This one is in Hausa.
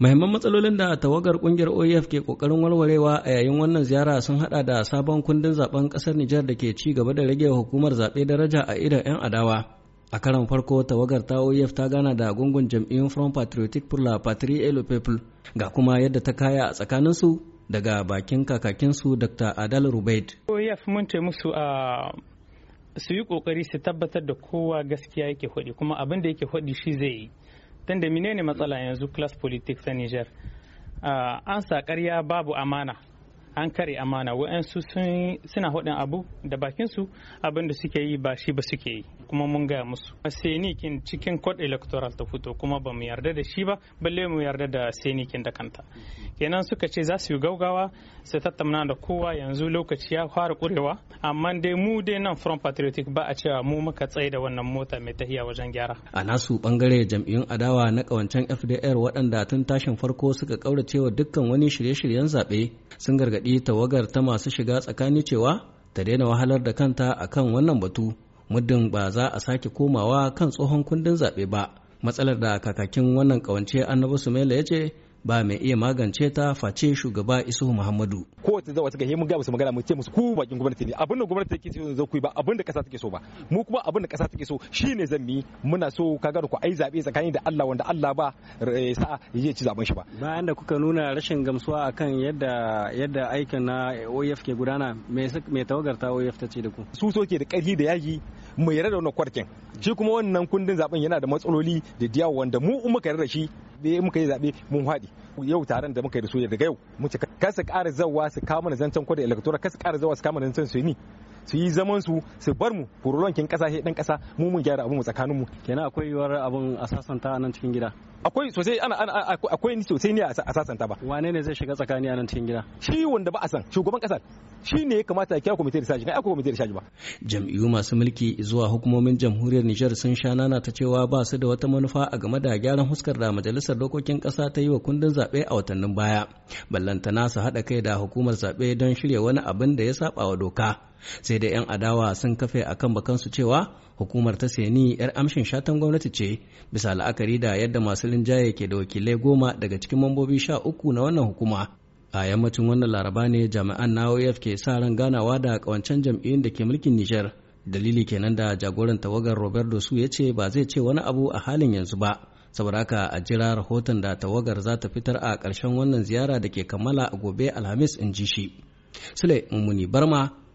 Mahimman matsalolin da tawagar kungiyar OEF ke kokarin walwarewa a yayin wannan ziyara sun hada da sabon kundin zaben kasar Nijar da ke ci gaba da rage hukumar zaɓe daraja a idan 'yan adawa. A karan farko tawagar ta OEF ta gana da gungun jam'iyyun Front Patriotic pour la Patrie et le Peuple ga kuma yadda ta kaya a tsakanin su daga bakin kakakin su Dr. Adal Rubaid. OEF mun ce musu a su yi kokari su tabbatar da kowa gaskiya yake hodi kuma abin da yake hodi shi zai yi. tunda menene matsala yanzu class politics ta Niger ah, an sa ƙarya babu amana an kare amana wa'ansu suna hudin abu da bakinsu abin da suke yi ba shi ba suke yi kuma mun gaya musu senikin cikin court electoral ta fito kuma ba mu yarda da shi ba balle mu yarda da senikin da kanta kenan suka ce za su yi gaugawa su tattauna da kowa yanzu lokaci ya fara kurewa amma dai mu dai nan from patriotic ba a cewa mu muka tsaye da wannan mota mai tahiya wajen gyara a nasu bangare jam'iyyun adawa na kawancen fdr waɗanda tun tashin farko suka kauracewa dukkan wani shirye-shiryen zaɓe sun gargaɗi gargaɗi tawagar ta masu shiga tsakani cewa ta daina wahalar da kanta akan wannan batu muddin ba za a sake komawa kan tsohon kundin zaɓe ba matsalar da kakakin wannan kawance annabi sumaila ya ce ba mai iya magance ta face shugaba isu Muhammadu. wata zawa suka yi mun ga musu magana mu ce musu ku bakin gwamnati ne abin da gwamnati take so zo ku ba abin da kasa take so ba mu kuma abin da kasa take so shine zan mi muna so ka kaga ku ai zabe tsakanin da Allah wanda Allah ba eh, sa ya ci zaben shi ba. Bayan da kuka nuna rashin gamsuwa akan yadda yadda aikin na OYF e ke gudana me me tawagar ta OYF e ta ce da ku. Su soke da karhi da yaji mu yarda da wannan kwarkin shi kuma wannan kundin zaben yana da matsaloli da diyawa wanda mu in muka da shi in muka yi zabe mun haɗi yau taron da muka yi da su daga yau mu ka kasa ƙara zawa su kama zancen kwada electoral kasa ƙara zawa su kama zancen su ni su yi zaman su su bar mu furulonkin kasashe dan kasa mu mun gyara abun mu tsakanin mu kenan akwai yiwuwar abun a sasanta a nan cikin gida akwai sosai ana akwai ni sosai ne a sasanta ba wane ne zai shiga tsakani a nan cikin gida shi wanda ba a san shugaban kasar shi ne ya kamata ya kira kwamitin rishaji na aiko kwamitin rishaji ba jam'iyyu masu mulki zuwa hukumomin jamhuriyar Nijar sun sha nana ta cewa ba su da wata manufa a game da gyaran huskar da majalisar dokokin kasa ta yi wa kundin zaɓe a watannin baya ballantana su haɗa kai da hukumar zaɓe don shirya wani abin da ya saba wa doka sai dai 'yan adawa sun kafe a kan bakansu cewa hukumar ta seni 'yar amshin shatan gwamnati ce bisa la'akari da yadda masu linjaye ke da wakilai goma daga cikin mambobi sha uku na wannan hukuma a yammacin wannan laraba ne jami'an na ke sa ran ganawa da kawancen jam'iyyun da ke mulkin nijar dalili kenan da jagoran tawagar roberto su ya ce ba zai ce wani abu a halin yanzu ba saboda haka a jira rahoton da tawagar za ta fitar a ƙarshen wannan ziyara da ke kammala a gobe alhamis in ji shi sule mummuni barma